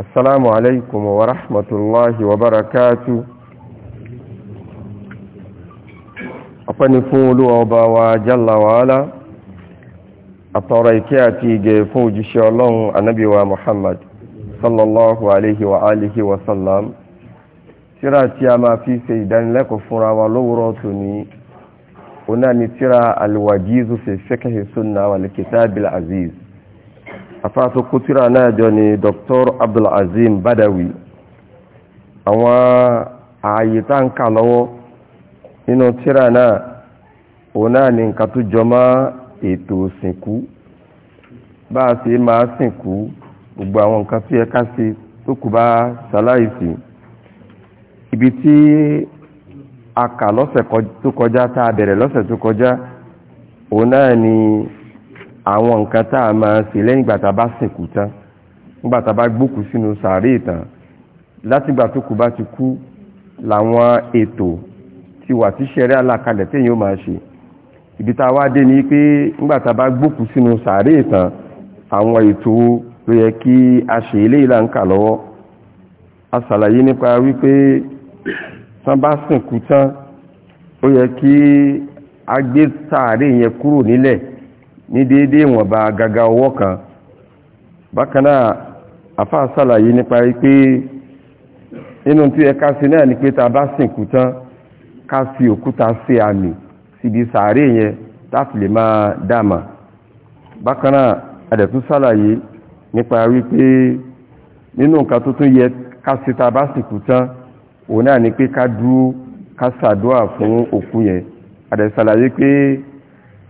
السلام عليكم ورحمة الله وبركاته أفني فولو جل وعلا أطريكاتي جيفوج شالون النبي ومحمد صلى الله عليه وآله وسلم ترى تياما في سيدان لك فرا ولورتني هنا ترى الوجيز في فقه السنة والكتاب العزيز afáàtò kútírà náà jọ ni Dr. Abdulazim Badawi àwọn ààyè tá ń kà lọ́wọ́ nínú tírà náà òun náà ni nǹkan tó jọ mọ́ ètò òsìnkú bá a ṣe máa sìnkú gbogbo àwọn nǹkan tó yẹ ká ṣe tó kù bá ṣaláìsí ibi tí a kà lọ́sẹ̀ tó kọjá tá a bẹ̀rẹ̀ lọ́sẹ̀ tó kọjá òun náà ni àwọn nǹkan tá a máa ṣe lẹ́yìn ìgbà tá a bá sìnkú tán nígbà tá a bá gbókù sínú sàárè tán látìgbà tó kù bá ti kú làwọn ètò ti wà tí ṣẹ̀rẹ́ alákalẹ̀ téèyàn ó máa ṣe ibi tá a wá dé ni pé nígbà a bá gbókù sínú sàárè tán àwọn ètò ló yẹ kí a ṣe eléyìí là ń kà lọ́wọ́ a ṣàlàyé nípa wípé tán bá sìnkú tán ó yẹ kí a gbé sàárè yẹn kúrò nílẹ̀ ní déédé ìwọ̀nba gaga ọwọ́ kan bákanáà àfá sàlàyé nípa pé inú tí ẹ ká sí náà ni pé ta bá sìnkú tán ká fi òkúta sí àmì síbi sàárè yẹn láti lè máa dáàmà bákanáà adẹ̀tún sàlàyé nípa wípé nínú nǹkan tó tún yẹ ká sí ta bá sìnkú tán òun náà ni pé ká dúró ká ṣàdúà fún òkú yẹn adẹ̀sàlàyé pé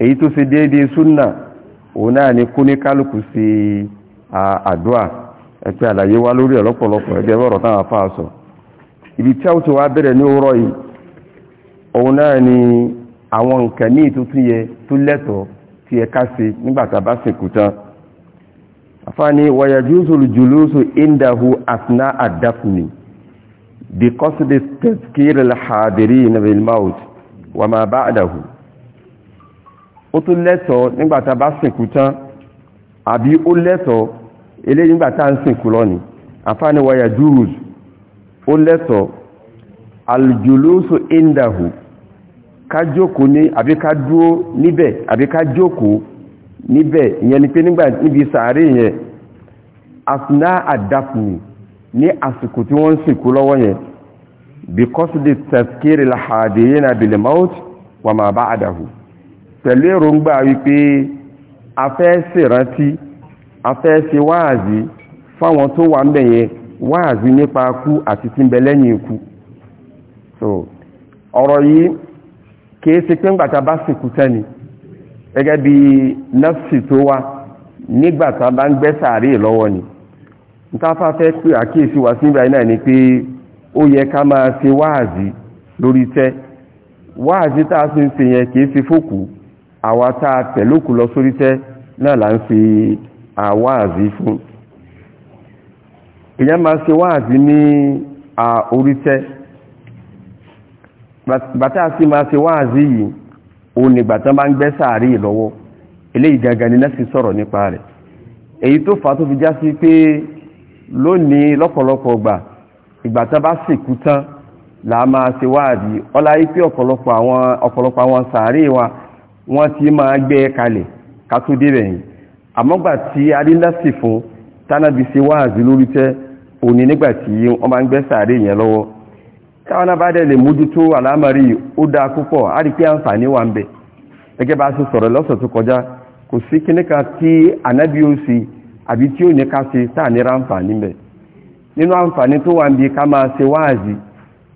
èyí tó ṣe déédéé súnà òun náà ni kú ní kálukú sí àdúà ẹ̀pẹ́ àlàyé wá lórí ọ̀lọ́pọ̀lọpọ̀ ẹgbẹ́ ọ̀rọ̀ táwọn afá sọ ibi tí a ó ti wá bẹ̀rẹ̀ ní òwúrọ̀ yìí òun náà ni àwọn nǹkan ní ìtútún yẹ tó lẹ́tọ̀ọ́ tí ẹ ká ṣe nígbàtà bá sìnkú tán afáni wàyàjúsùlù jùlúsù indahu asna adafni bí kọ́sìdì tẹ̀síkìrì al-hadirin bil maut wa ma ba'dahu ó tó lẹ́tọ̀ọ́ nígbàtà bá sìnkú tán àbí ó lẹ́tọ̀ọ́ eléyìí nígbàtà ń sìnkú lọ́ni àfáàní wáyà jurus ó lẹ́tọ̀ọ́ aljulusu indahu ká jókòó ní àbí ká dúó níbẹ̀ àbí ká níbẹ̀ ìyẹn ni pé nígbà níbi sàárè yẹn asná àdáfùnì ní àsìkò tí wọ́n ń sìnkú lọ́wọ́ yẹn bí kọ́sìdì tẹ̀síkiri làhàdìyìn àbìlẹ̀ mọ́ọ̀tì wà bá àdáhùn pẹ̀lú èròǹgbà wípé afẹ́ ṣèrántí afẹ́ ṣe wáàzí fáwọn tó wà ń bẹ̀yẹn wáàzí nípa kú àti tí ń bẹ lẹ́yìn ikú so ọ̀rọ̀ yìí kìí ṣe pé ńgbàtà bá sìnkú tẹ́ni gẹ́gẹ́ bí nọ́ọ̀sì tó wá nígbàtà bá ń gbẹ́ lọ́wọ́ ni ntáfà fẹ́ pé àkíyèsí wa síbẹ̀ náà ni pé ó yẹ ká máa ṣe wáàzí lórí tẹ́ wáàzí tá a ṣe ń ṣe yẹn kìí ṣe fókùú àwa tá a tẹ̀lókù lọ sórí tẹ́ náà là ń fi àwáàzí fún èyàn máa ṣe wáàzí ní orí tẹ́ bàtà sí máa ṣe wáàzí yìí o nígbà tán bá ń gbẹ́ sàárì lọ́wọ́ eléyìí gangan ni nẹ́sì sọ̀rọ̀ nípa rẹ̀ èyí tó fà tó fi já sí pé lónìí lọ́pọ̀lọpọ̀ gbà ìgbà tán bá sìnkú tán là máa ṣe wáàzí ọlá yìí pé ọ̀pọ̀lọpọ̀ àwọn ọ̀pọ̀lọpọ̀ àwọn sàárì wa wọ́n ti ma gbé e kalẹ̀ ká débẹ̀ yìí àmọ́gbà tí adílásì fún tánàbí ṣe wáàzí lórí tẹ́ òní nígbà wọ́n máa ń gbé sàárè yẹn lọ́wọ́ táwọn bá lè mójútó àlámàrí ó dáa púpọ̀ á àǹfààní wa ń bẹ̀ gẹ́gẹ́ bá ṣe sọ̀rọ̀ lọ́sọ̀ tó kọjá kò sí kíní kan tí ànábì ó ṣe àbí tí ò ní ká ṣe tá àǹfààní bẹ̀ nínú àǹfààní tó wà ń bi ká máa ṣe wáàzí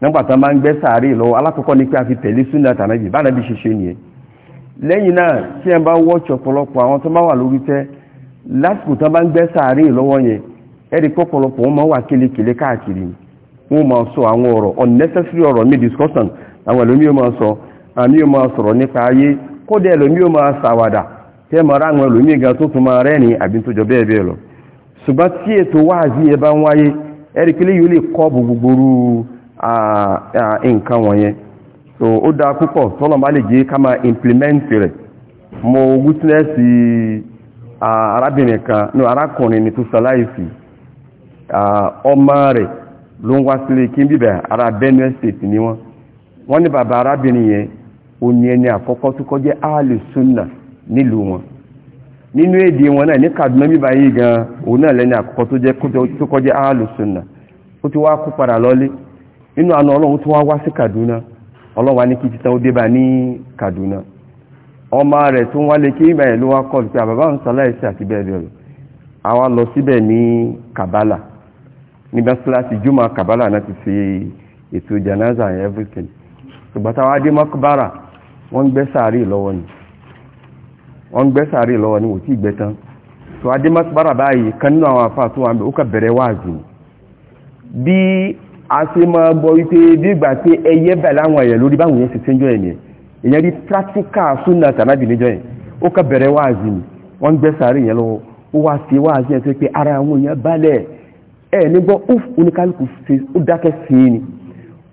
nígbà máa ń gbé sàárè lọ́wọ́ alákọ̀ọ́kọ́ ni pé a fi lẹ́yìn náà tí ẹ bá wọ́ọ̀tì ọ̀pọ̀lọpọ̀ àwọn tó bá wà lórí tẹ́ lásìkò tó bá ń gbẹ́ sàárè lọ́wọ́ yẹn ẹ̀rí pọ̀pọ̀lọpọ̀ wọn máa wà kélekèlé káàkiri wọn máa sọ àwọn ọ̀rọ̀ unnecessary ọ̀rọ̀ mi discussion àwọn ẹlòmíì máa sọ àmì máa sọ̀rọ̀ nípa ayé kódà ẹlòmíì máa sàwàdà tẹ́ máa rá àwọn ẹlòmíì gan tó tún máa rẹ́rìn àbí tó jọ bẹ́ẹ̀ bẹ́ẹ̀ so ó dáa púpọ̀ tọ́lọ̀ má lè jẹ́ ká máa implement rẹ̀ mo wítínẹ́sì arábìnrin kan ní arákùnrin ni tó sàláìsì ọmọ rẹ̀ ló ń wá sílé kí n ara Benue State ni wọ́n wọ́n ní bàbá arábìnrin yẹn ó ní ẹni àkọ́kọ́ tó kọjẹ́ áàlì súnà nílùú wọn nínú èdè wọn náà Kaduna bíbá yìí gan òun náà lẹ́ni àkọ́kọ́ tó kọjẹ́ ó ti wá kú padà lọ́lé nínú ọlọ́run tó wá wá sí Kaduna ọlọ́wà ní kí títà ó débà ní Kaduna ọmọ rẹ̀ tó ń wálé kí ìbẹ̀rẹ̀ ló wá kọlù pé àbàbá ń sọláìsí àti bẹ́ẹ̀ bẹ́ẹ̀ lọ síbẹ̀ ní Kabala ní bẹ́síláàsì jùmọ̀ Kabala náà ti fi ètò janaza and everything ṣùgbọ́n táwa dé mọ́kúbára wọ́n ń gbẹ́ sàárè lọ́wọ́ ni wọ́n ń gbẹ́ sàárè lọ́wọ́ ni wò tí ì gbẹ́ tán tó adé mọ́kúbára báyìí kan nínú àwọn àfáà tó wà ń bẹ̀ ó kà bẹ̀rẹ̀ wáàzì a ti máa gbọ́ wípé bí ìgbà ẹyẹ bà láwọn ẹ̀yẹ̀ lórí báwọn yẹn ti ṣe ń jọ ẹ̀yẹ ìyẹn rí practical súnà tàbí yẹn ó kà bẹ̀rẹ̀ wáàzì ni wọ́n ń gbẹ́ sàárè yẹn lọ́wọ́ ó wá sí wáàzì yẹn pé ara àwọn èèyàn balẹ̀ ẹ̀ nígbọ́ ó oníkálukú ṣe ó dákẹ́ sí ni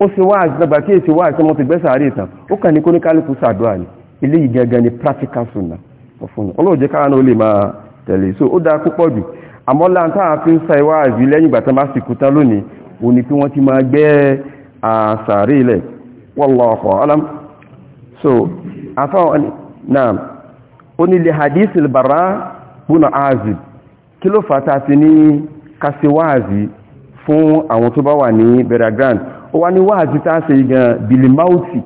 ó ṣe wáàzì èsì wáàzì ti gbẹ́ sàárè tán ó kà ní oníkálukú ni òní pé wọ́n ti máa gbẹ́ àsàrí ilẹ̀ wallahu alam so afáwọn náà ó ní lè hadith al-bara buna azib kí ló fàtà ti ní kásíwáàzì fún àwọn tó bá wà ní beragrand ó wá ní wáàzì tá ṣe gan bilimauti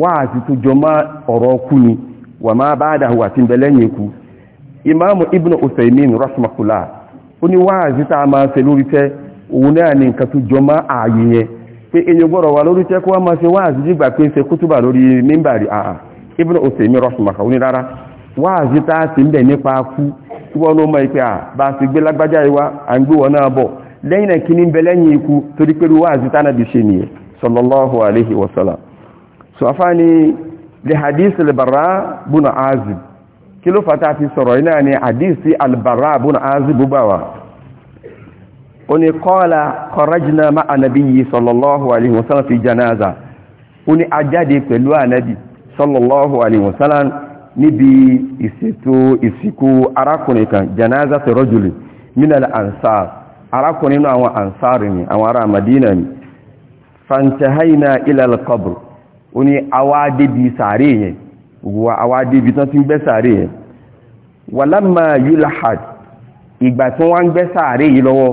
wáàzì tó jọ má ọ̀rọ̀ kú ni wà máa bá dáhùwà tí ń bẹ lẹ́yìn ibn Uthaymin rahmakula ó ní wáàzì tá máa ṣe lórí tẹ́ òun náà ni nǹkan tó jọmọ́ ààyè yẹn pé èyàn gbọ́rọ̀ wà lórí tẹ́kọ́ wá máa ṣe wáàzí jígbà pé ń ṣe kútùbà lórí mímbàrí àà Ibn Usaymi rọ́ṣùmọ̀kà oní rárá wáàzí tá a sì ń bẹ̀ nípa kú tí wọ́n ló mọ̀ ìpé à bá a sì gbé lágbájá ìwá à ń gbé wọn náà bọ̀ lẹ́yìn náà kí bẹ lẹ́yìn torí pé ó ní kọ́ọ̀lá kọ̀rọ̀jìnà má ànàbí yìí sọ̀lọ̀lọ́hù àlìwòsánà fi janaza ó ní ajáde pẹ̀lú ànàbí sọ̀lọ̀lọ́hù àlìwòsánà níbi ìsètò ìsìnkú arákùnrin kan janaza ti rọ́jùlì minal ansar arákùnrin náà àwọn ansar ni àwọn ará madina ni fantahaina ilal qabr ó ní awáde bi sàárè yẹn wa awáde bi tán ìgbà tí wọ́n ń gbẹ́ sàárè lọ́wọ́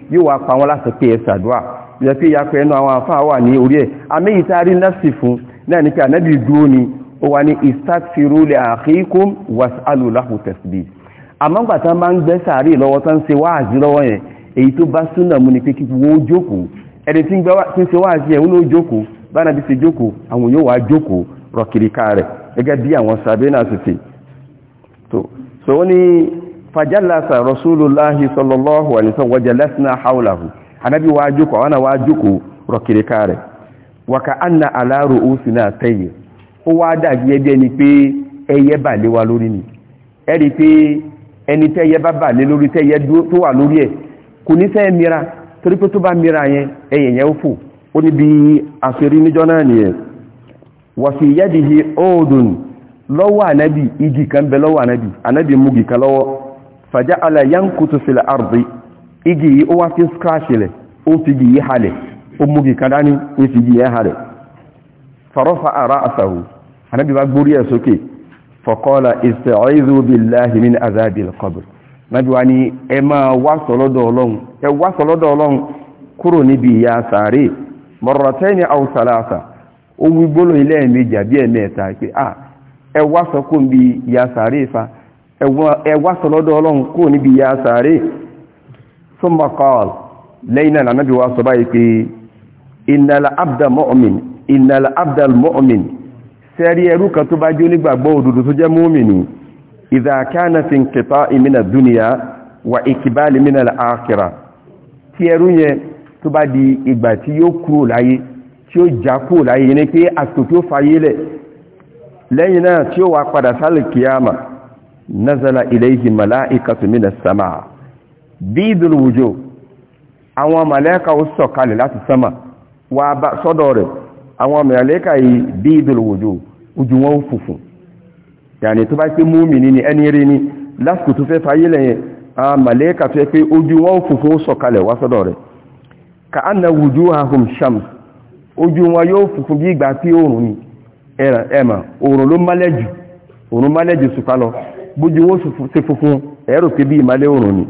yóò wá pa wọn láti pé ẹ ṣàdúà yẹ pé ìyapẹ́ ẹnu àwọn àfáà wà ní orí ẹ̀ àmẹ́yìí tá a rí nọ́ọ̀sì fún náà ní pé ànábì dúró ni ó wà ní istaghfiru li akhikum was'alu lahu tasbih àmọ́gbà tán bá ń gbẹ́ sàárì lọ́wọ́ tán ṣe wáàzí lọ́wọ́ yẹn èyí tó bá súnà mú ni pé so wọ́n fajalasa rasulullahi sallallahu alaihi wasallam wajalasna hawlahu anabi wajuko wana wajuko rokirekare waka anna ala ruusina tayi ó wá dà bí ẹbí ẹni pé ẹyẹ bà lé wa lórí ni ẹ̀rí pé ẹni tẹ́yẹ bá bà lé lórí tẹ́yẹ tó wà lórí ẹ̀ kò ní fẹ́ mira torí pé tó bá mira yẹn ẹ̀yẹ̀ yẹn ó fò ó ní bí àṣírí níjọ́ náà nìyẹn wa fi yadihi udun lọ́wọ́ ànábì igi kan bẹ lọ́wọ́ ànábì ànábì mú kan lọ́wọ́ fàjá alayankutu sílẹ̀ àrùbí igi yìí ó wá fi skráṣìlẹ̀ ó fi igi yìí halẹ̀ ó mú igi kan dání ó fi igi yìí halẹ̀ farofa ara asahu anábi bá gbórí ẹ̀ sókè fọ̀kọ́lá ista'izu billahi min azabil qabr nábi wá ní ẹ máa wá sọ́lọ́dọ̀ ọlọ́run ẹ wá sọ́lọ́dọ̀ ọlọ́run kúrò níbi ìyà sàárè marrataini aw salasa ó wí gbólóhùn ilé ẹ̀mejì àbí ẹ̀mẹ́ta pé ah ẹ wá sọ́kùn bí ìyà sàárè fa ẹwà sọlọ́dọ̀ ọlọ́run kò níbi ya sàárè summa qala lẹ́yìn náà nàbí wa sọ báyìí pé innal abda mu'min innal abda mu'min sẹ́rí ẹrú kan tó bá jẹ́ onígbàgbọ́ òdodo tó jẹ́ mọ́mìnì idha kana fi inqita'i min ad-dunya wa iqbali min al-akhirah tí ẹrú yẹn tó bá lẹ́yìn náà tí ó wà padà sálẹ̀ kíyàmà nazala ilayhi mala'ikatu minas sama bidul wujuh àwọn màlẹ́kà ó sọ̀kalẹ̀ lati sánmà wà bá sọ́dọ̀ rẹ̀ àwọn màlẹ́kà yìí bidul wujuh ojú wọn ó ni ẹni ni lásìkò tó fẹ́ fayé lẹ́yìn a màlẹ́kà tó yẹ ka anna wujuhahum shams ni bójú wọ́n sí funfun ẹ̀rọ pé bí ìmálẹ̀ òrùn ni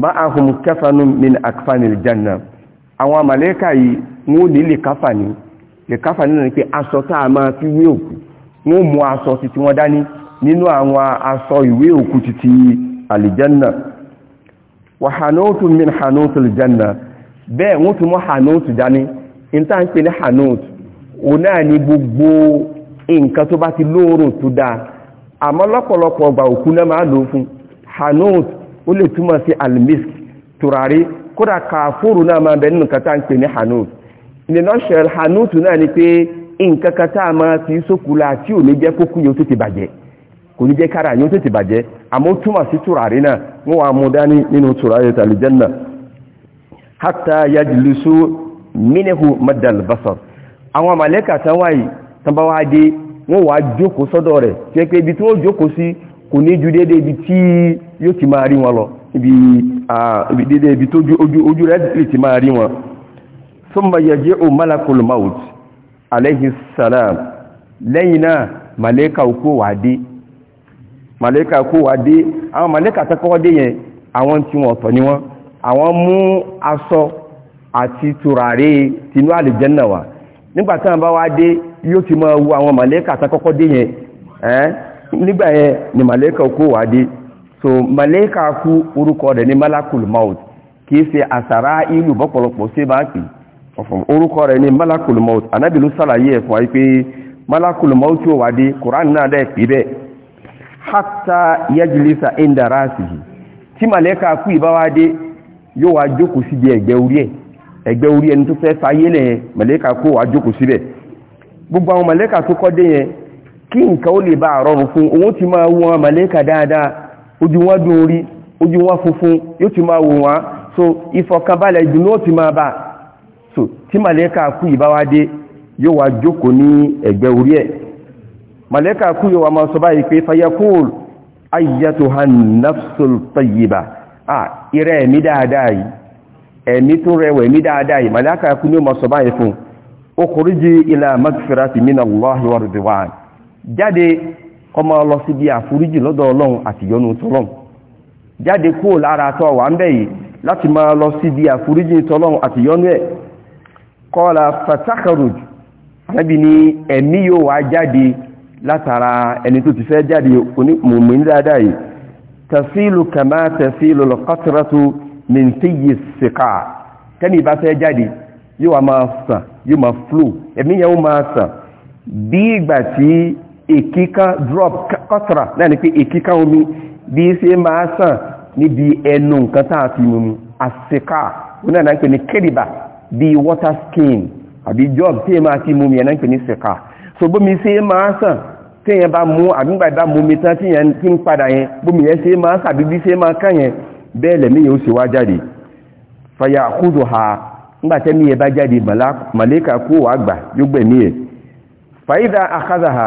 ma a hùn kẹfànú min akfanil janna àwọn àmàlẹ́kà yìí wọ́n ní lè káfà ní lè káfà nínú ni pé aṣọ tá a máa fi wé òkú wọ́n mú aṣọ sí tí wọ́n dání nínú àwọn aṣọ ìwé òkú títí alìjanna wà hanóòtù min hanóòtù alìjanna bẹ́ẹ̀ wọ́n tún mọ́ hanóòtù dání ìta ń pè ní hanóòtù òun náà ni gbogbo nǹkan tó bá ti lóòrùn tó dáa àmọ́ lọ́pọ̀lọpọ̀ ọgbà òkú náà máa lò fún hanot ó lè túmọ̀ sí almisk tùràrí kódà kàfóòrù náà máa bẹ nínú kata ń pè ní hanot in a nutshell hanot náà ni pé nǹkan kata máa ti sókùlà tí ò ní jẹ́ kókú yóò tètè bàjẹ́ kò ní jẹ́ kára yóò tètè bàjẹ́ àmọ́ túmọ̀ sí tùràrí náà wọ́n wà mú dání nínú tùràrí tàlìjẹ́nà hatta yajlusu minihu madal basar àwọn màlẹ́kà tán wáyìí tán bá wá dé wọ́n wá jókòó sọ́dọ̀ rẹ̀ tí ẹ pé ibi tí wọ́n jókòó sí kò ní ju déédéé ibi tí yóò ti máa rí wọn lọ ibi déédéé ibi tó ojú rẹ̀ lè ti máa rí wọn thumma yaji'u malakul maut alayhi salam lẹ́yìn náà màlẹ́kà òkú wà dé màlẹ́kà òkú wà dé àwọn màlẹ́kà tẹ́kọ́kọ́ dé yẹn àwọn tí wọ́n ọ̀tọ̀ ni wọ́n àwọn mú aṣọ àti tùràrí tinú àlìjẹ́nà wà nígbàtí wọ́n bá wá dé yóò ti máa wo àwọn màlẹ́kà tán kọ́kọ́ dé yẹn ẹ́n nígbà yẹn ni màlẹ́kà kó wà dé so màlẹ́kà kú orúkọ rẹ̀ ní malakul maut kìí ṣe àsàrá ìlú bọ́pọ̀lọpọ̀ sí bá pè orúkọ rẹ̀ ní malakul maut anábì ló sàlàyé ẹ̀ fún wa pé malakul maut yóò wà dé koran náà dẹ̀ pè bẹ́ẹ̀ hatta yajlisa inda rasihi tí màlẹ́kà kú ìbá wá dé yóò wá jókòó síbi ẹ̀gbẹ́ orí ẹ̀ ẹ̀gbẹ́ orí ẹni tó fẹ́ fayé lẹ̀ màlẹ́kà kó wá jókòó síbẹ̀ gbogbo àwọn màlẹ́kà tó kọ́ dé yẹn kí nǹkan ó lè bá àrọrùn fún òun ti máa wọn màlẹ́kà dáadáa ojú wọn dùn orí ojú wọn funfun yóò ti máa wò wọn so ìfọ̀kànbalẹ̀ ìdùnnú ó ti máa bá so tí màlẹ́kà kú ìbáwádé yóò wá jókòó ní ẹ̀gbẹ́ orí ẹ̀ màlẹ́kà kú yóò wá máa sọ báyìí pé fayakul ayyatuhan tayyiba ah ìrẹ́ ẹ̀mí dáadáa yìí ẹ̀mí tó rẹwà ẹ̀mí dáadáa yìí màlẹ́kà kú ni ó máa sọ báyìí fún un okùrìjì ila magfirati min Allahi wa ridwan jáde ọmọ lọ sí bí àforíjì lọ́dọ̀ ọlọ́run àti yọ́nú tọ́lọ́run jáde kúrò lára tọ́ wà ń bẹ̀ yìí láti máa lọ sí bí àforíjì tọ́lọ́run àti yọ́nú ẹ̀ kọ́la fatakaruj anábì ní ẹ̀mí yóò wá jáde látara ẹni tó ti fẹ́ jáde mùmùn dáadáa yìí fẹ́ jáde yóò wá máa sàn yóò máa flow ẹ̀mí yẹn ó máa sàn bí ìgbà tí èkíká drop kọ́tara náà ni pé èkíká omi bí í ṣe máa sàn níbi ẹnu nǹkan tá a fi mu mu àṣekà ó náà ń pè ní kẹ́dìbà bí water skin àbí job tí èèyàn máa ti mu mi ẹ̀ náà ń pè ní ṣekà so bómi ṣe máa sàn tí èèyàn bá mú àgbígbà ìbá mú mi tán tí èèyàn ti ń padà yẹn bómi yẹn ṣe máa sàbíbí ṣe máa kàn yẹn bẹ́ẹ̀ lẹ̀mí yẹn ó ṣe wá jáde fàyà kúrò ha ngbàtẹ́mí ẹ bá jáde màlẹ́kà kó wà gbà yóò gbẹ̀mí ẹ̀ fàídà àkádàhà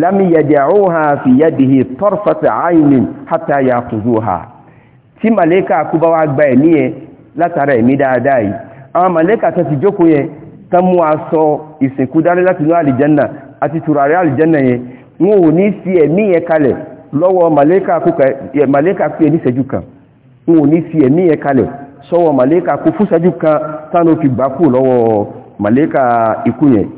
lámìyàdì àwòhà fi yàdìhì tọ́rfàtà àìní hátà yà kùzù ha tí màlẹ́kà kú bá wá gbà ẹ̀mí ẹ látara ẹ̀mí dáadáa yìí àwọn màlẹ́kà tó ti jókòó yẹn tán mú aṣọ sọ́wọ́ màlẹ́kà kó fúsẹ́jú kan tánà fi gbà kú lọ́wọ́ màlẹ́kà ikú yẹn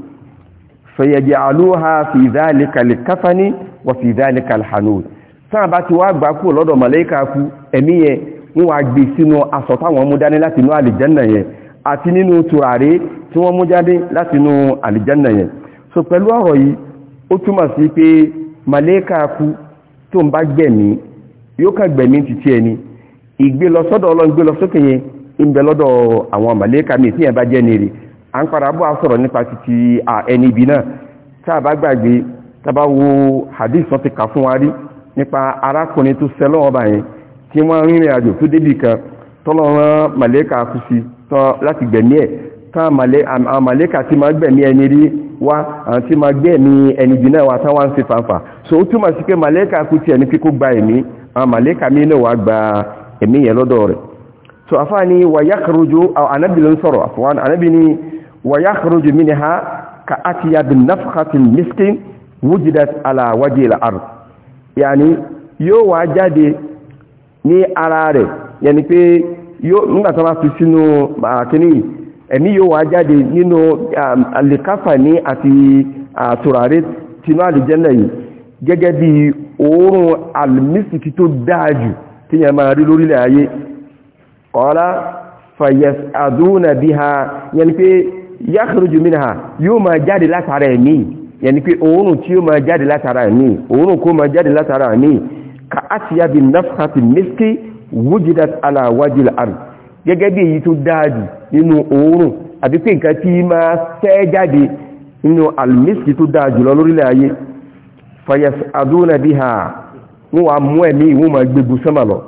fẹ̀yẹ̀jẹ̀ àlúhà fi dhalika al-kafani wà fi dhalika al-hanud tánà bá ti wá gbà kú lọ́dọ̀ màlẹ́kà kú ẹ̀mí yẹn ń wà gbé sínú aṣọ táwọn mú dání láti inú àlìjẹ́nà yẹn àti nínú tùràrí tí wọ́n mú jáde ìgbé lọ sọ́dọ̀ ọlọ́run gbé lọ sókè yẹn ìbẹ̀ lọ́dọ̀ àwọn màlẹ́kà mi tí yẹn bá jẹ́ nìrì à ń padà bọ́ sọ̀rọ̀ nípa títí ẹni ibi náà tá a bá gbàgbé tá a bá wo hadith wọn ti kà fún wa rí nípa arákùnrin tó sẹ́ lọ́wọ́ bá yẹn tí wọ́n rìnrìn àjò tó débì kan tọ́lọ́run màlẹ́kà kú sí tán láti gbẹ̀mí ẹ̀ tán màlẹ́kà tí máa gbẹ̀mí ẹni rí wá àwọn tí máa gbẹ̀mí ẹni ibi náà wá tán wá ń ṣe fàǹfà so ó túmọ̀ sí pé màlẹ́kà kú tiẹ̀ ní pé kó gba ẹ̀mí àwọn màlẹ́kà mi náà wá gba ẹ̀mí yẹn lọ́dọ̀ rẹ̀ so afá ni wà yá kàrójú anábì ló ń sọ̀rọ̀ àfọwọ́n anábì ni wà yá kàrójú mí ni ha ka a ti yà bin nafkatin miskin wujidat ala waje la'ar yani yóò wá jáde ní ara rẹ̀ yani pé yóò nígbà tó bá fi sínú gẹ́gẹ́ bí òórùn almisiki tó dáa jù tí yẹn máa rí lórílẹ̀ ayé ọ̀lá fàyẹ̀s àdúnà bí ha yẹn pé yákàrùjù mí ha yóò máa jáde látara ẹ̀mí yẹn pé òórùn tí yóò máa jáde látara ẹ̀mí òórùn kó máa jáde látara ẹ̀mí ka àtìyá bí nafhati miski wujidat ala wajil ard gẹ́gẹ́ bí èyí tó dáadì nínú òórùn àti pé nǹkan tí máa fẹ́ jáde nínú almiski tó dáa jùlọ lórílẹ̀ ayé fàyẹ̀s àdúnà bí ha wọ́n wà mú ẹ̀mí ìwọ́n ma gbégbó sọ́mà lọ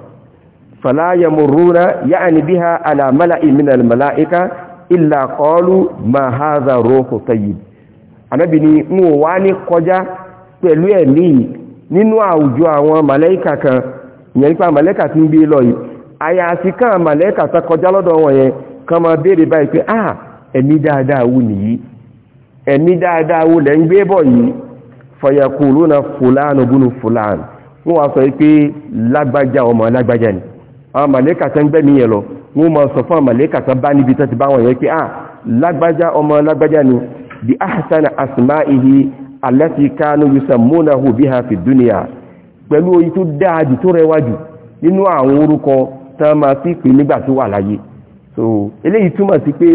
fàláyàmùrúnà yáàni bí ha àlàmàlà ìmìnà màláìka ìlà kọlu ma ha za rọ́kù tayyib anábì ni wọ́n wá ní kọjá pẹ̀lú ẹ̀mí nínú àwùjọ àwọn màláìka kan ìyẹn nípa màláìka tí ń gbé lọ yìí àyàfi kan màláìka ta kọjá lọ́dọ̀ wọn yẹn kan máa béèrè báyìí pé ah ẹ̀mí dáadáa wù nìyí ẹ̀mí dáadáa wù lẹ́ ń gbé bọ̀ yìí fọyàkùrú na fúlànù búnú fúlànù wọ́n wá sọ pé lágbájá ọmọ lágbájá ni àwọn màlẹ́kà tán gbẹ́mí yẹn lọ wọ́n máa sọ fún àwọn tán bá níbi tán ti bá wọn pé ah lágbájá ọmọ lágbájá ni bi ahsana asma'ihi allati kanu yusammunahu biha fi dunya pẹ̀lú oyin tó dáa jù tó rẹwà jù nínú àwọn orúkọ tán máa sí pé nígbà tó wà láyé so eléyìí túmọ̀ sí pé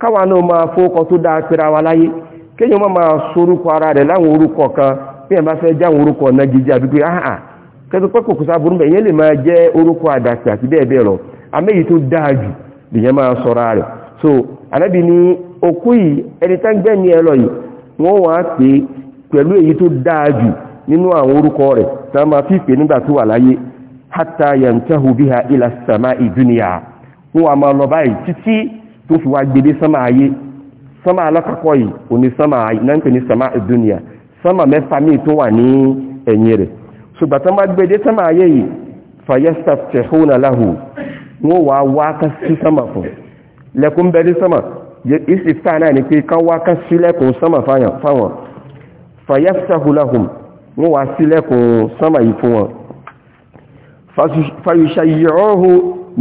káwa náà máa fọ́kọ tó dáa pẹ́ra wa láyé kéèyàn máa sorúkọ ara rẹ̀ láwọn orúkọ kan bí ẹ̀ bá fẹ́ já na orúkọ nagijẹ àdúgbò áhà kẹtù pẹ́ kòkòsá burú bẹ́ẹ̀ yẹn lè máa jẹ́ orúkọ àdàpẹ̀ àti bẹ́ẹ̀ bẹ́ẹ̀ lọ amẹ́yìí tó dáa jù lèyẹn máa sọra rẹ̀ so a n'i òkú yìí ẹni tá ń gbẹ́ ní ẹlọ yìí wọ́n wá pé pẹ̀lú èyí tó dáa jù nínú àwọn orúkọ rẹ̀ tá máa fi pè nígbà tó wà láyé hatta yantahu biha ila sama dunya wọ́n wá máa lọ báyìí títí tó fi wá gbede sama ayé yìí òní náà ń pè sánmà mẹ́fà míì tó wà ní ẹ̀yìn rẹ̀ ṣùgbọ́n tó máa gbédé sánmà ayé yìí fàyẹ́sà tẹ̀hónà láhù wọ́n wà wá ká sí sánmà fún lẹ́kùn bẹ́ẹ̀ ní sánmà ìsìfà náà ni pé ká wá ká sí lẹ́kùn sánmà fáwọn fàyẹ́sà hùlàhùn wọ́n wà sí lẹ́kùn sánmà yìí fún wọn fàyùṣàyìrọ́hù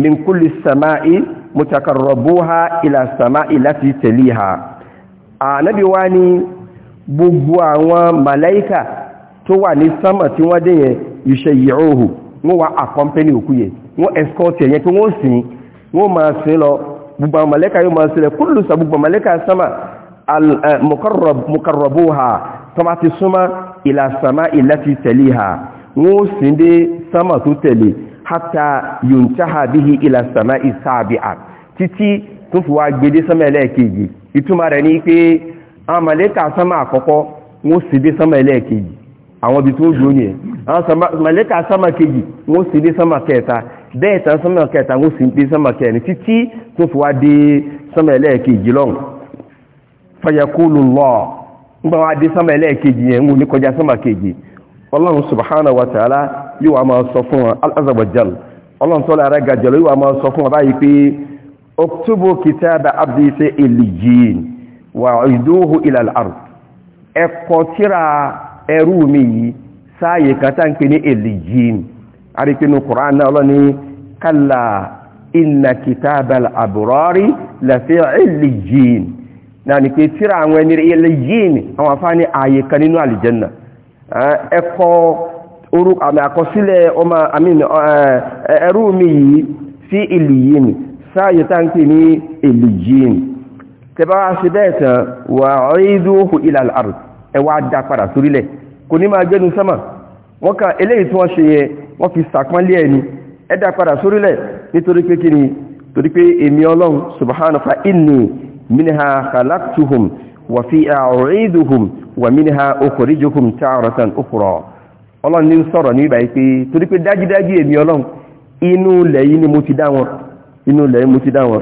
minkuli sama'i mutakarrabuha ila sama'i láti tẹ̀lé ha ànábì wani gbogbo àwọn màláíkà tó wà ní sánmà tí wọ́n dé yẹn ìṣẹ́ ìyẹ̀hóhù wọ́n wá àkọ́mpẹ́nì òkú yẹn wọ́n escort yẹn tí wọ́n sìn wọ́n máa sin lọ gbogbo àwọn màláíkà yóò máa sin lọ kúlù sọ gbogbo màláíkà sánmà eh, mukarrabuha tó bá ti súnmọ́ ìlà sánmà ìlàtí tẹ̀lé ha wọ́n sìn dé sánmà tó tẹ̀lé hátà yuntaha bihi ìlà sánmà ìsáàbíà àwọn màlẹ́kà sánmà àkọ́kọ́ wọ́n sì dé sánmà ẹlẹ́ẹ̀kejì àwọn ibi tí ó dúró nìyẹn àwọn màlẹ́kà sánmà kejì wọ́n sì dé sánmà kẹta bẹ́ẹ̀ tán sánmà kẹta wọ́n sì dé sánmà kẹrin títí tó fi wá dé sánmà ẹlẹ́ẹ̀kejì lọ́hùn fayakulu Allah nígbà wá dé sánmà ẹlẹ́ẹ̀kejì yẹn wọ́n ní kọjá sánmà kejì Allah subhanahu wa ta'ala yóò wá máa sọ fún wọn al-azawajal Allah tó lára gàjọ yóò wá máa sọ fún wọn báyìí pé oktubu kitaba wà ìdóhù ilal ard ẹkọ̀ tíra ẹrú mi yìí sáàyè kátà ń pè ní èlìjìn arípinnu kùránà ọlọ́ni kálà inna kitabal abrari lafi èlìjìn náà ni pé tíra àwọn ẹni èlìjìn àwọn afá ààyè kan nínú àlìjẹ́nà ẹkọ̀ orúkọ àmì àkọsílẹ̀ ọmọ ẹrú mi yìí sí èlìjìn sáàyè tá ń pè ní èlìjìn tẹbá wá sí bẹ́ẹ̀ tán wà rídúhù ilal ard ẹ wá dá padà sórílẹ̀ kò ní máa gẹ́nu sánmà wọ́n ká eléyìí tí wọ́n ṣe yẹ wọ́n fi sàpánlé ẹni ẹ dá padà sórílẹ̀ nítorí pé kí ni torí pé èmi ọlọ́run subhanaka inni minha khalaqtuhum wa fiha u'iduhum wa minha ukhrijuhum ta'ratan ukhra ọlọ́run ní sọ̀rọ̀ ní ìbáyé pé torí pé dájídájí èmi ọlọ́run inú ilẹ̀ ni mo ti dá wọn inú ilẹ̀ mo ti dá wọn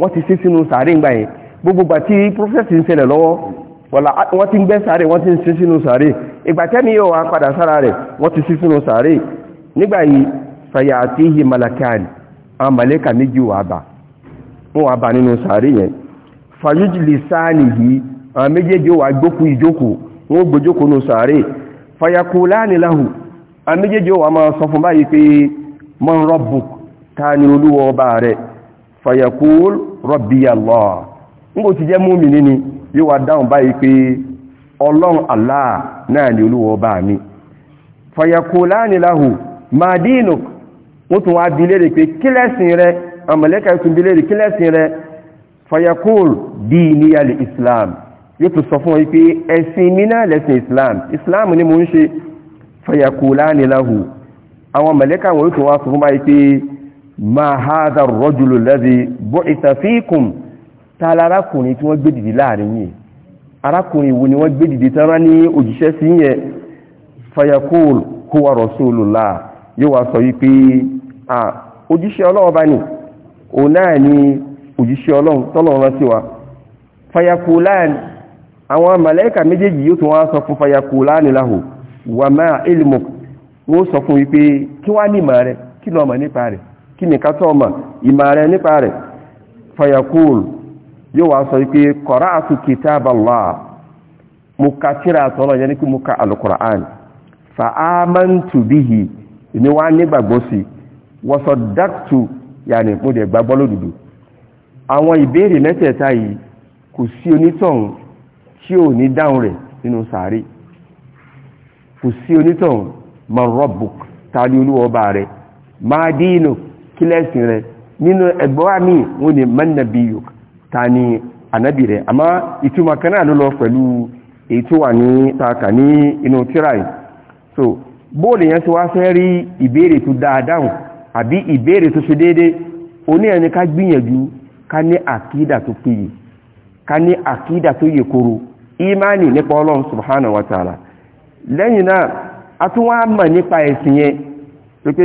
wọ́n ti sí sínú sàárè ń gbà yẹn gbogbo gbà tí prọfẹ́sì ń ṣẹlẹ̀ lọ́wọ́ wọ́n ti ń gbẹ́ sàárè wọ́n ti ń sí sínú sàárè ìgbà tẹ́mi yóò wá padà sára rẹ̀ wọ́n ti sí sínú sàárè nígbà yìí fàyà àti iye malakan àwọn màlẹ́kà méjì wà bà wọ́n wà bà nínú sàárè yẹn fàyújìlì sáàni yìí àwọn méjèèjì wà gbókù ìjókòó wọ́n gbójókòó nínú sàárè fàyàkùlánì láhù àwọn méjèèjì wà máa sọ fún báyìí pé man ta ni olúwọ ọba rẹ̀ fàyàkúl rọ̀bíyàlọ́ ńgbò ti jẹ́ múmi níní yóò wá dáhùn báyìí pé ọlọ́run Allah náà ni olúwọ bá mi fàyàkúlá ní láhù máa dínú wọ́n tún wá bí lérí pé kílẹ̀sìn rẹ àmàlẹ́kà tún bí lérí kílẹ̀sìn rẹ fàyàkúl bí islam yóò tún sọ fún wọn pé ẹ̀sìn mi náà lẹ́sìn islam islam ni mo ń ṣe fàyàkúlá ní láhù àwọn àmàlẹ́kà wọn yóò tún wá sọ ma haza rọ́jùlù lẹ́dí bó ìtàfíkùn ta alárakùnrin tí wọ́n gbédìdì láàrin yìí arákùnrin wo ni wọ́n gbédìdì tánrá ní òjíṣẹ́ sí yẹn fayakul huwa rasulullah yóò wá sọ wípé à òjíṣẹ́ ọlọ́run bá ní òun náà ni òjíṣẹ́ ọlọ́run tọ́lọ́run rán sí wa fayakulan àwọn màláíkà méjèèjì yóò tún wọ́n sọ fún wípé kí wá ní ìmọ̀ rẹ̀ kí lọ́mọ̀ nípa rẹ̀ kí ni ká tọ́ ọmọ ìmọ̀ rẹ̀ nípa rẹ̀ fayakul yóò wá sọ pé qara'tu kitaballah mo ka tíra àtọ́lọ̀ yẹn ní kí mo ka alukur'an fa amantu bihi èmi wá nígbàgbọ́ sí wa saddaqtu yàní mo dẹ̀ gbàgbọ́ lódodo àwọn ìbéèrè mẹ́tẹ̀ẹ̀ta yìí kò sí onítọ̀hún tí ò ní dáhùn rẹ̀ nínú sàárè kò sí onítọ̀hún man rabbuk ta ni rẹ̀ ma dinuk kí lẹ́sìn rẹ̀ nínú ẹgbọ́wà míì wọ́n ni mẹ́nàbí yòó ta ni ànábì rẹ̀ àmọ́ ìtumọ̀ kan ló lọ pẹ̀lú èyí wà ní taaka ní inú tíra yìí so bóòlù yẹn tó wá fẹ́ rí ìbéèrè tó dáa dáhùn àbí ìbéèrè tó ṣe déédéé oní ẹni ká gbìyànjú ká ní àkídà tó péye ká ní àkídà tó yẹ kóró ìmánì nípa ọlọ́run subhanahu wa ta'ala lẹ́yìn náà a tún wá mọ̀ nípa ẹ̀sìn yẹn pé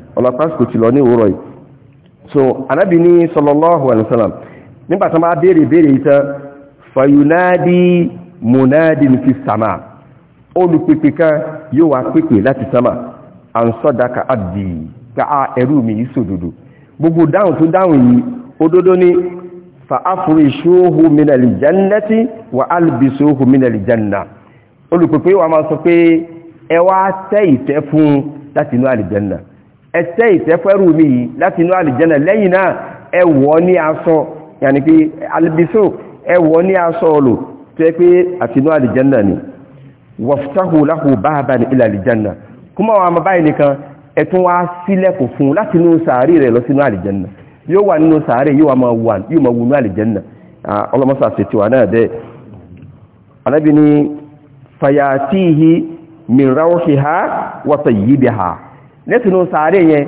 ọlọ́pàásìkò ti lọ ní òwúrọ̀ yìí so anábì ní sallallahu alaihi wasallam nígbà tán bá béèrè béèrè ìtàn fayunadi munadi fi sama olùpèpè kan yóò wá pèpè láti sama ansọ́daka abdi ká ah, ẹrú mi yìí sòdodo gbogbo dáhùn tó dáhùn yìí òdodo ni fa'afurishuhu minal jannati wa albisuhu minal janna olùpèpè wa máa sọ pé ẹ wá tẹ́ ìtẹ́ fún láti inú àlìjẹ́nà ẹsẹ́ ìtẹ́fẹ́rù mi yìí láti inú àlìjẹ́nà lẹ́yìn náà ẹ wọ̀ ní aṣọ yàní pé albiso ẹ wọ̀ ní aṣọ ọlò tó pé àti inú àlìjẹ́nà ni wọ̀fútáhù láhù báàbà ní ilẹ̀ àlìjẹ́nà kúmọ̀ àwọn àmàbáyìí nìkan ẹ tún wá sílẹ̀kùn fún láti inú sàárì rẹ̀ lọ sínú àlìjẹ́nà yóò wà nínú sàárì yóò máa wà yóò máa wù ní àlìjẹ́nà ọlọ́mọsà ṣètò àná nẹ́sìnú sàárè yẹn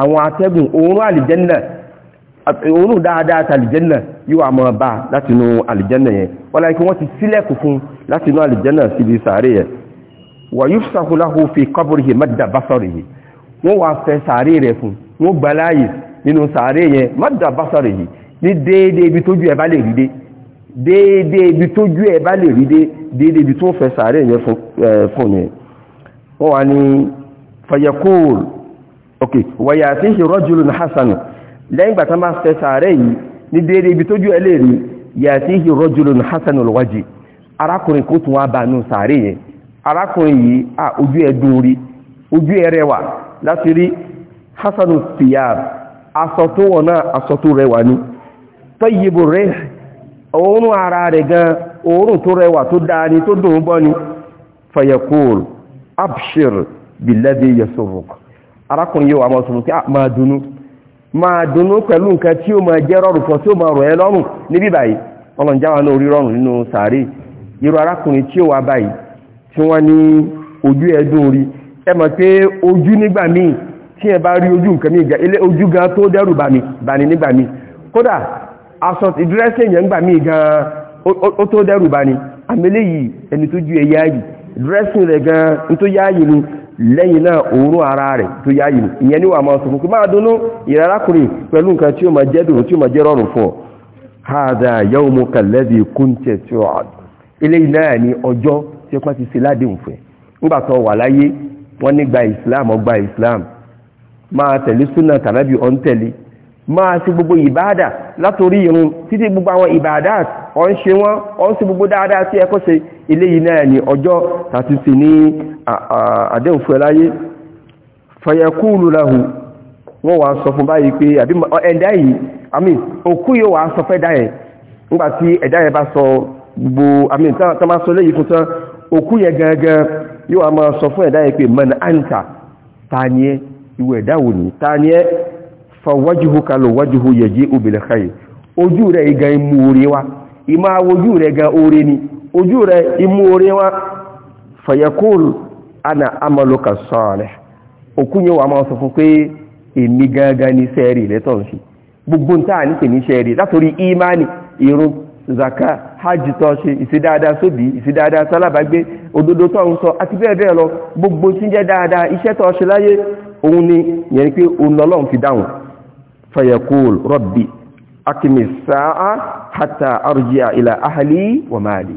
àwọn atẹ́gùn oòrùn àlìjẹ́nà oòrùn dáadáa ta àlìjẹ́nà yóò àmọ́ bá látinú àlìjẹ́nà yẹn wọ́n láìkí wọ́n ti sílẹ̀kù fún látinú àlìjẹ́nà síbi sàárè yẹn wà yóò sàkúláhù fi kọ́bùrì yìí mẹ́ta bá sọ̀rọ̀ yìí wọ́n wá fẹ́ sàárè rẹ̀ fún wọ́n gbà láàyè nínú sàárè yẹn mẹ́ta bá sọ̀rọ̀ yìí ní déédéé ibi tójú ẹ̀ bá lè rí dé déédéé ibi tójú ẹ̀ bá lè rí dé déédéé ibi tó fẹ́ sàárè yẹn fún yẹn wọ́n wá ní fayakul ok wàyàtíhì rọ́jùlùn hassan lẹ́yìn gbàtà máa fẹ́ sàárẹ̀ yìí ní déédéé ibi tójú ẹlẹ́rìí yàtíhì rọ́jùlùn hassan olùwájì arákùnrin kó tún wá bá nù sàárẹ̀ yẹn arákùnrin yìí à ojú ẹ dùn rí ojú ẹ rẹwà láti rí hassan siyab aṣọ tó wọ̀ náà aṣọ tó rẹwà ni tọ́yìnbó rẹ òórùn ara rẹ̀ gan òórùn tó rẹwà tó dáa ni tó dùn bọ́ ni fayakul abshir billadhi yasurruk arákùnrin yóò àmọ́ sọ̀rọ̀ kí a máa dunú ah, máa dunú pẹ̀lú nǹkan tí ó máa jẹ́ rọrùn kan tí ó máa rọ̀ ẹ́ lọ́rùn níbí báyìí ọlọ́njáwa náà orí rọrùn nínú sàárè irú arákùnrin tí ó wà báyìí tí wọ́n ní ojú ẹ̀dùn orí ẹ mọ̀ pé ojú nígbà míì tí ẹ bá rí ojú nǹkan míì ilé ojú gan tó dẹ́rù ni lẹ́yìn náà òórùn ara rẹ̀ tó yáyì ìyẹn níwà máa sọ fún kí máa dúnú ìrárákùnrin pẹ̀lú nǹkan tí ó máa jẹ́ dùn tí ó máa jẹ́ rọrùn fún ọ hadha yawmuka alladhi kunta tu'ad eléyìí náà ní ọjọ́ tí ó pá ti ṣe ládéhùn fún nígbà tó wà láyé wọ́n ní gba islam ọgbà islam máa tẹ̀lé súnà tàbí ọ̀ntẹ̀lé máa ṣe gbogbo ìbáàdà látorí irun títí gbogbo àwọn ìbàdát ọ ń ṣe wọ́n ọ ń ṣe gbogbo dáadáa tí ẹkọ́ ṣe ilé yìí náà ní ọjọ́ tàti sí ní àdéhùn fún ẹláyé fayakúlù láhù wọ́n wá sọ fún báyìí pé ẹ̀dá yìí àmì òkú yóò wá sọ fẹ́dá ẹ̀ nígbàtí ẹ̀dá yẹn bá sọ gbogbo àmì tán bá sọ léyìí fún tán òkú yẹn gangan yóò wá máa sọ fún ẹ̀dá yẹn pé mọ̀nà àǹtà ta ni ẹ ìwọ̀ ẹ̀dá fọwọ́júhu kalò wọ́júhu yẹ̀jí obìnrin ojú rẹ̀ igan imú orí wa ìmá ojú rẹ̀ gan orí ni ojú rẹ̀ imú orí wa fọ̀yẹ̀kúl ana amaloka sọ́ọ̀lẹ̀ òkúnyẹ wa máa sọ fún pé èmi gangan ní sẹ́ẹ̀rì lẹ́tọ̀n sí gbogbo táà nípe ní sẹ́ẹ̀rì látòrí imani irun zaka hajj tó ṣe ìṣẹ́dáadáa sóbì ìṣẹ́dáadáa sálábàgbé òdodo tó ń sọ àti bẹ́ẹ̀ bẹ́ẹ̀ lọ gbogbo tí ń jẹ́ dáadáa iṣẹ́ tó ṣe láyé òun ni yẹn pé òun lọ́lọ́run fi dáhùn fayakul rabbi akimi sa'a hatta arji'a ila ahli wa mali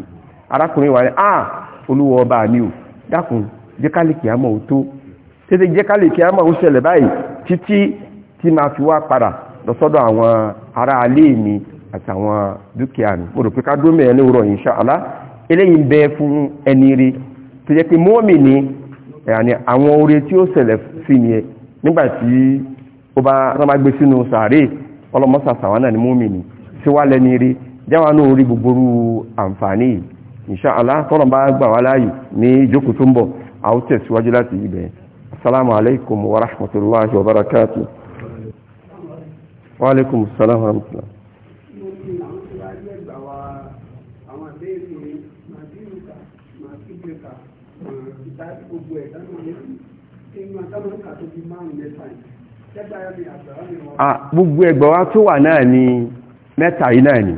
arákùnrin wa ni ah Olúwa ọba mi o dákun jẹ́ ká lè kiyama o tó tete jẹ́ ká lè kiyama o ṣẹlẹ̀ báyìí títí tí ma fi wá padà lọ sọ́dọ̀ àwọn ará alé mi àti àwọn dúkìá mi mo rò pé ká do me ni uro insha Allah eléyìí bẹ fún enire tó jẹ́ pé mu'mini yani àwọn ọ̀rẹ́ tí ó ṣẹlẹ̀ sí ni nígbàtí ó bá rán bá gbé sínú sàárè ọlọ́mọ́sà sàwánà ní múmìnì tí wá lẹ́ni rí jáwà náà orí gbogbooru àǹfààní yìí insha Allah tọ́rọ̀ bá gbà wá láàyè ní ìjókòó tó ń bọ̀ àwọn láti ibẹ̀ assalamu alaikum wa Ah, gbogbo ẹgbẹ̀ wa tó wà náà ni mẹ́ta yìí náà ni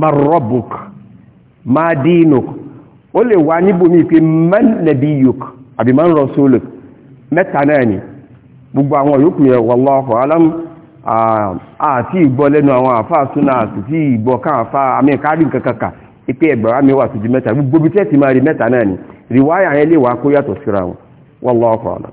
marobuk madinuk ó lè wá níbòmí pé mẹ́lẹ̀bíyuk àbí man rasuluk mẹ́ta náà ni gbogbo àwọn yòókù yẹ wallahu alam àti ah, ìgbọ́ lẹ́nu àwọn àfáà súnà àti ìgbọ́ káàfá amẹ́kàrí kankanka ipé ẹgbẹ̀rá mi wà tó ju mẹ́ta gbogbo bí tẹ́ẹ̀tì máa rí wallahu alam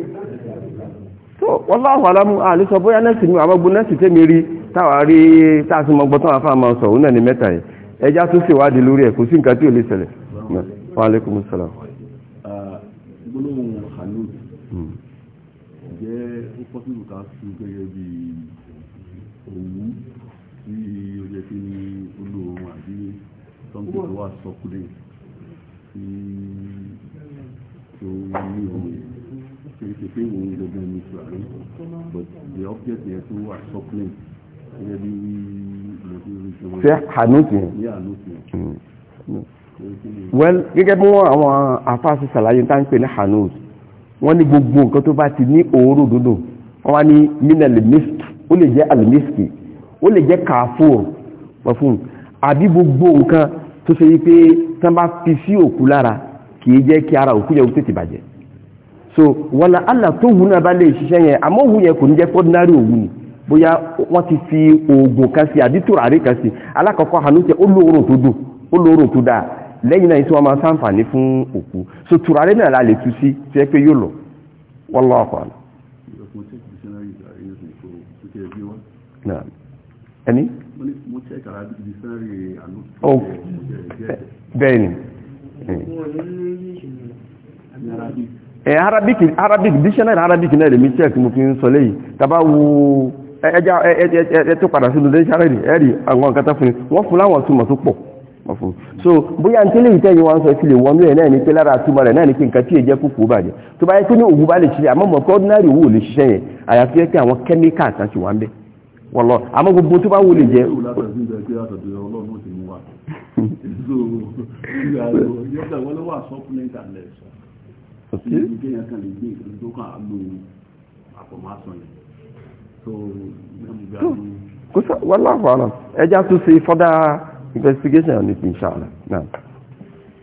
wallahu alamu àlẹ́sọ bóyá nẹ́sì ní àwọn ogun nẹ́sì tẹ́mi rí táwà rí tásùmọ́gbọ́ tán àfáà máa sọ òun náà ní mẹ́ta yìí ẹjá tó sì wádìí lórí ẹ̀ kò sí nǹkan tí ò lè ṣẹlẹ̀ wa alaikum salam hmm. Tí ó ní ohun kì ṣe pé òun gangan ní tùràrí but the object yẹn tó wà succulent gẹ́gẹ́ bí mo ti rí ṣe ṣé ànútì yẹn. ní ànútì yẹn. Hmm. Hmm. well gẹ́gẹ́ bí wọ́n àwọn afáàṣì ṣàlàyé tá ń pè ní hanut wọ́n ní gbogbo nǹkan tó bá ti ní òórùn dúdú wọ́n wá ní minal misk ó lè jẹ́ alimiski ó lè jẹ́ kàáfóò wọ́n fún un àbí gbogbo nǹkan tó ṣe wípé tí wọ́n bá fi sí òkú lára kì í jẹ́ kí ara òkú yẹn ó tètè bàjẹ́. so wala ala tó wù náà bá lè ṣiṣẹ́ yẹn àmọ́ òwú yẹn kò ní jẹ́ ordinary òwú ni bóyá wọ́n ti fi oògùn kan sí àdítò àrí kan sí alákọ̀ọ́kọ́ hanúṣe olóorùn tó dùn olóorùn tó dáa lẹ́yìn náà fún òkú so tùràrí náà la lè tú sí tí ẹ̀ eh, arabic arabic dictionary arabic náà lèmi check mo fi ń sọ léyìí tàbá wo ẹja ẹ tó padà sínú dictionary ẹ̀rì àwọn nǹkan tó fún mi wọ́n fún láwọn túmọ̀ tó pọ̀ wọ́n fún so bóyá nítorí èyí tẹ́yìn wọn sọ ìfilè wọn ní ẹ̀ náà ní pé lára àtúmọ̀ rẹ̀ náà ní pé nǹkan tí èjẹ́ kúkú bàjẹ́ tó bá yẹ pé ní òwú bá lè ṣiṣẹ́ àmọ́ mọ̀ pé ordinary owó lè ṣiṣẹ́ yẹn àyàfi ẹ pé àwọn kẹ́míkà kan ti wà ń bẹ́ wọ́n lọ àmọ́ gbogbo tó bá wù lè jẹ́ Ọlọ́run ó ti mú wa kò sí. ìgbéyàwó kan lè gbé ìkànnì tó kà á lo àpòmásán yẹn tó gbàgbé àwọn. kò sọ wallahu alam ẹja tún ṣe further investigation on it inshallah hmm. náà.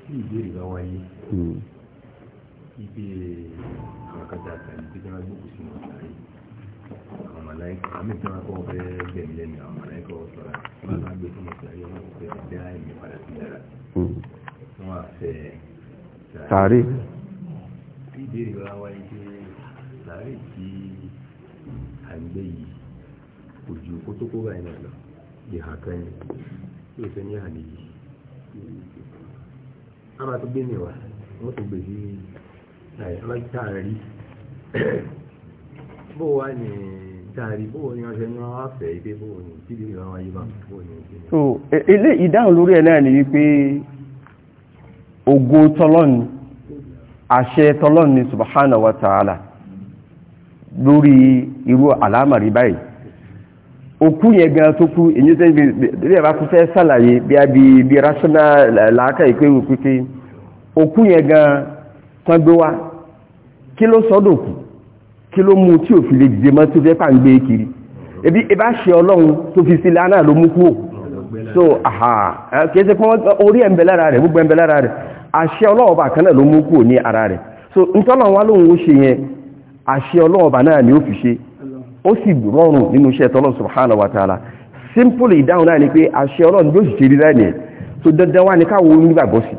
kí ìbéèrè bá wáyé ibi àwọn àtàlẹ́ tó jẹ́ lágbókù sínú àtàlẹ́ àwọn màláìkà àmì tí wọ́n kọ́ fẹ́ lẹ́nu àwọn màláìkà ọ̀sọ̀rọ̀ wọn bá gbé fún mọ̀sálẹ́ sí eléyìí kò ju ó tó kó báyìí náà lọ ìhà kan yẹn tí o fẹ́ ní àná yìí a máa tún gbé mi wá wọ́n tún gbèsè àyè a máa a rí bó wá ní tá a rí bó ní wọ́n ṣe ní wọ́n wá fẹ́ ibi bó ní títí ìlú àwọn ayé so ilé ìdáhùn lórí ẹ̀ náà ni wípé ògo tọlọ́ni àṣẹ tọlọ́ni subhanahu wa ta'ala lórí irú àlámàrí báyìí òkú yẹn gan tó kú èyí tẹ́ bí ẹ̀bá kú fẹ́ sàlàyé bí a bí bí rásánà làákà ìpé òkú pé òkú yẹn gan tán gbé wá kí ló sọ́dọ̀ kù kí ló mú tí ò fi lè dìde mọ́ tó fẹ́ pà ń gbé kiri ebi ìbá ṣe ọlọ́run tó fi sílẹ̀ náà ló mú kú ò so aha kìí ṣe pọ́n orí ẹ̀ǹbẹ̀ lára rẹ̀ gbogbo ẹ̀ǹbẹ̀ lára rẹ̀ àṣẹ ọlọ́run bá kan náà ló mú kú ò ní ara rẹ̀ so ntọ́nà wa lóhun ó ṣe yẹn àṣẹ ọlọ́ọ̀bà náà ni ó fi ṣe ó sì rọrùn nínú iṣẹ́ tọ́lọ́ subhanahu wa ta'ala simple ìdáhùn náà ni pé àṣẹ ọlọ́run yóò sì ṣe rí lẹ́nì ẹ̀ so dandan wá ní káwọn onígbàgbọ́ sí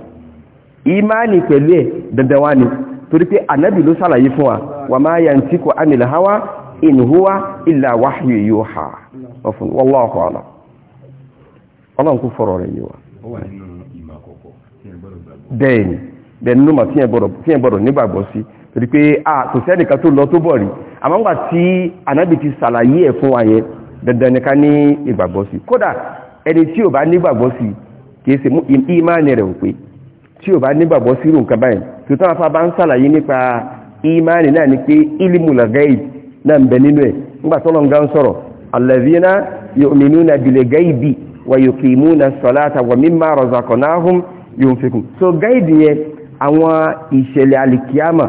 ìmáàni pẹ̀lú ẹ̀ dandan wá ní torí pé ànábì ló sàlàyé fún wa máa yà ń tí kò ánìlà hawa in huwa illa wahyu torí pé a kò sẹ́nìkan tó lọ tó bọ̀ rí àmọ́ nígbà tí anábì ti ṣàlàyé ẹ̀ fún wa yẹn dandan nìkan ní ìgbàgbọ́ sí kódà ẹni tí ò bá nígbàgbọ́ sí kìí ṣe mú ìmáàni rẹ̀ pé tí ò bá nígbàgbọ́ sí irú nǹkan báyìí tó tán afá bá ń ṣàlàyé nípa ìmáàni náà ni pé ilimul ghaib náà ń bẹ nínú ẹ̀ nígbà tọ́lọ́ ń ń sọ̀rọ̀ allazina yu'minuna bil ghaibi wa yuqimuna as-salata wa so gáìdì yẹn àwọn ìṣẹ̀lẹ̀ alìkíyàmà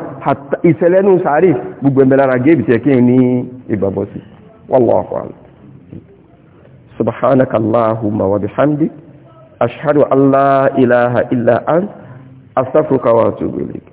ìṣẹ̀lẹ̀ nù sàárì gbogbo ẹ̀mẹ́ lára gẹ́bì tẹ́ kí ní ìgbàgbọ́ sí wallahu a'lam subhanaka allahumma wa bihamdik ashhadu an la ilaha illa ant astaghfiruka wa